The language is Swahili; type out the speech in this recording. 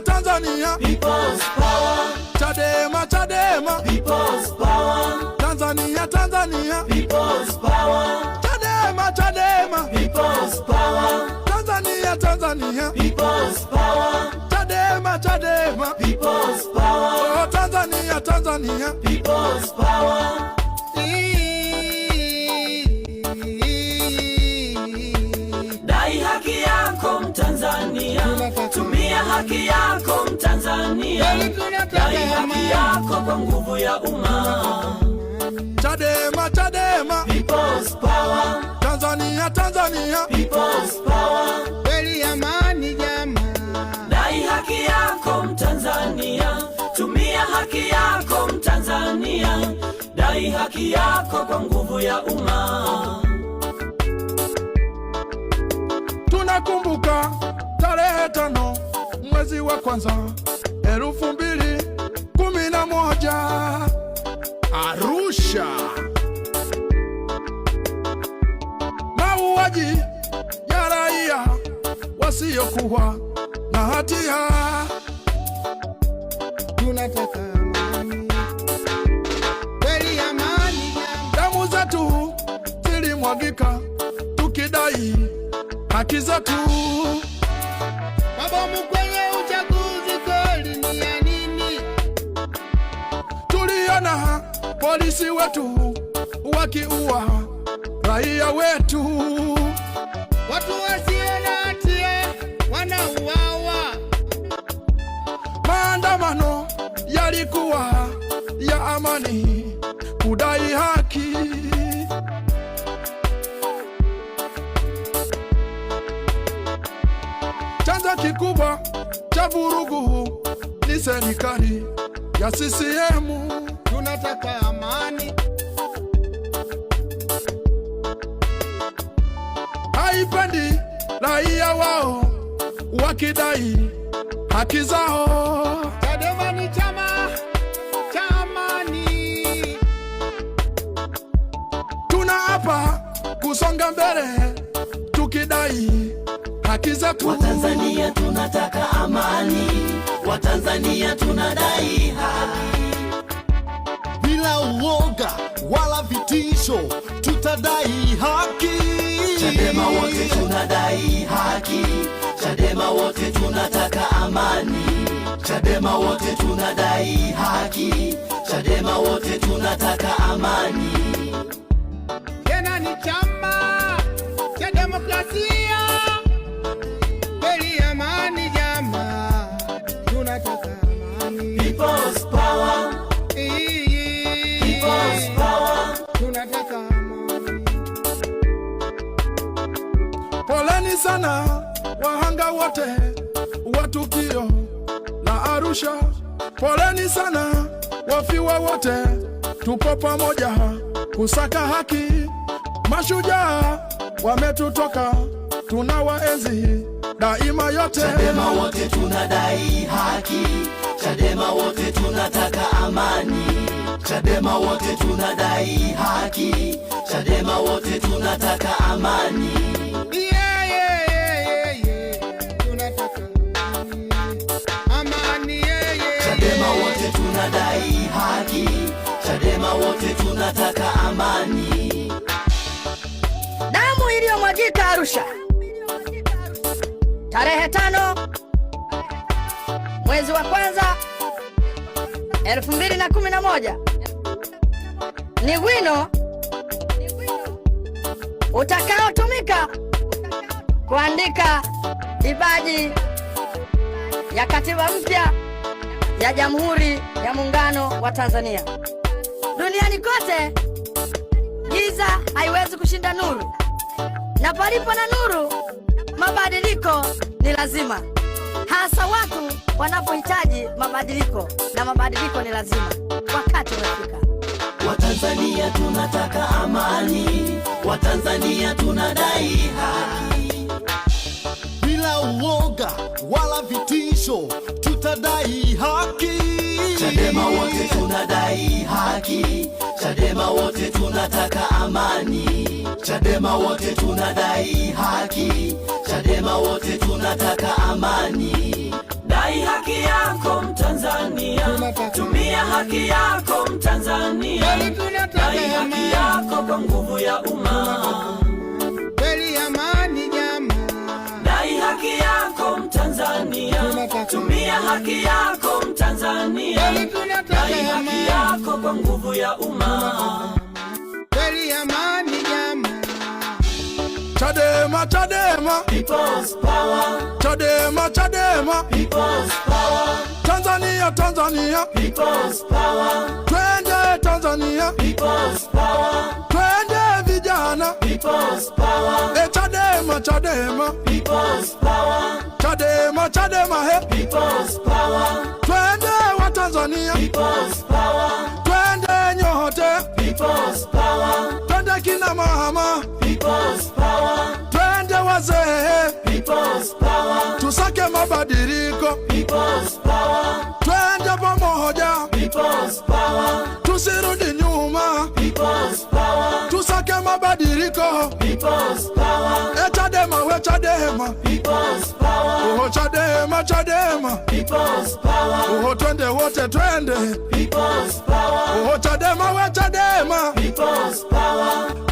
Tanzania, Tanzania. People's power. Chadema, Chadema. People's power. Tanzania, Tanzania. People's power. Chadema, Chadema. People's power. Tanzania, Tanzania. People's power. Chadema, Chadema. People's power. Oh, Tanzania, Tanzania. People's power. yako Mtanzania, dai haki yako kwa nguvu ya umma. Chadema, Chadema, People's Power. Tanzania, Tanzania, People's Power. Kweli amani jama, dai haki yako Mtanzania, tumia haki yako Mtanzania, dai haki yako kwa nguvu ya umma. Tunakumbuka tarehe tano mwezi wa kwanza elfu mbili kumi na moja Arusha. Mauaji ya raia wasiokuwa na hatia, tunataka amani, kweli amani. Damu zetu zilimwagika tukidai haki zetu. Mabomu kwenye kuona polisi wetu wakiua raia wetu, watu wasio na hatia wanauawa. Maandamano yalikuwa ya amani kudai haki. Chanzo kikubwa cha vurugu ni serikali ya CCM wanataka amani. Haipandi raia wao wakidai haki zao. Chadema ni chama cha amani, tunaapa kusonga mbele tukidai haki zetu. Watanzania tunataka amani, Watanzania tunadai haki kesho tutadai haki. Chadema wote tunadai haki. Chadema wote tunataka amani. Chadema wote tunadai haki. Chadema wote tunataka amani. Tena ni chama cha demokrasia kweli, amani jama tunataka sana wahanga wote wa tukio la Arusha. Poleni sana wafiwa wote, tupo pamoja kusaka haki. Mashujaa wametutoka, tuna waenzi daima yote. Chadema wote tunadai haki, Chadema wote tunataka amani, Chadema wote tunadai haki, Chadema wote tunataka amani. yeah. tunataka amani. Damu iliyomwagika Arusha tarehe tano mwezi wa kwanza elfu mbili na kumi na moja ni wino utakaotumika kuandika ibaji ya katiba mpya ya Jamhuri ya Muungano wa Tanzania. Duniani kote giza haiwezi kushinda nuru, na palipo na nuru mabadiliko ni lazima, hasa watu wanapohitaji mabadiliko, na mabadiliko ni lazima. Wakati umefika. Watanzania tunataka amani, Watanzania tunadai haki bila uoga wala vitisho, tutadai haki. Chadema wote tunadai haki wote tunataka amani, Chadema wote tunadai haki, Chadema wote tunataka amani. Dai haki yako Mtanzania, tumia haki yako Mtanzania, yaani dai haki yako kwa nguvu ya umma dai haki yako Mtanzania, tumia haki ya tutake amani yako kwa nguvu ya umma, kweli amani jamaa. Chadema, Chadema, people's power. Chadema, Chadema, people's power. Tanzania, Tanzania, people's power. Twende Tanzania, people's power. Twende vijana, people's power. E Chadema, Chadema, people's power. Chadema, Chadema, he people's power. People's power. Twende nyote. People's power. Twende kina mama. People's power. Twende wazee. People's power. Tusake mabadiriko People's power. Twende pamoja. People's power. Tusirudi nyuma. People's power. Tusake mabadiriko People's power. Chadema, we Chadema. People's power. Uho Chadema, Chadema. People's power. Uho twende wote twende. People's power. Uho Chadema, we Chadema. People's power.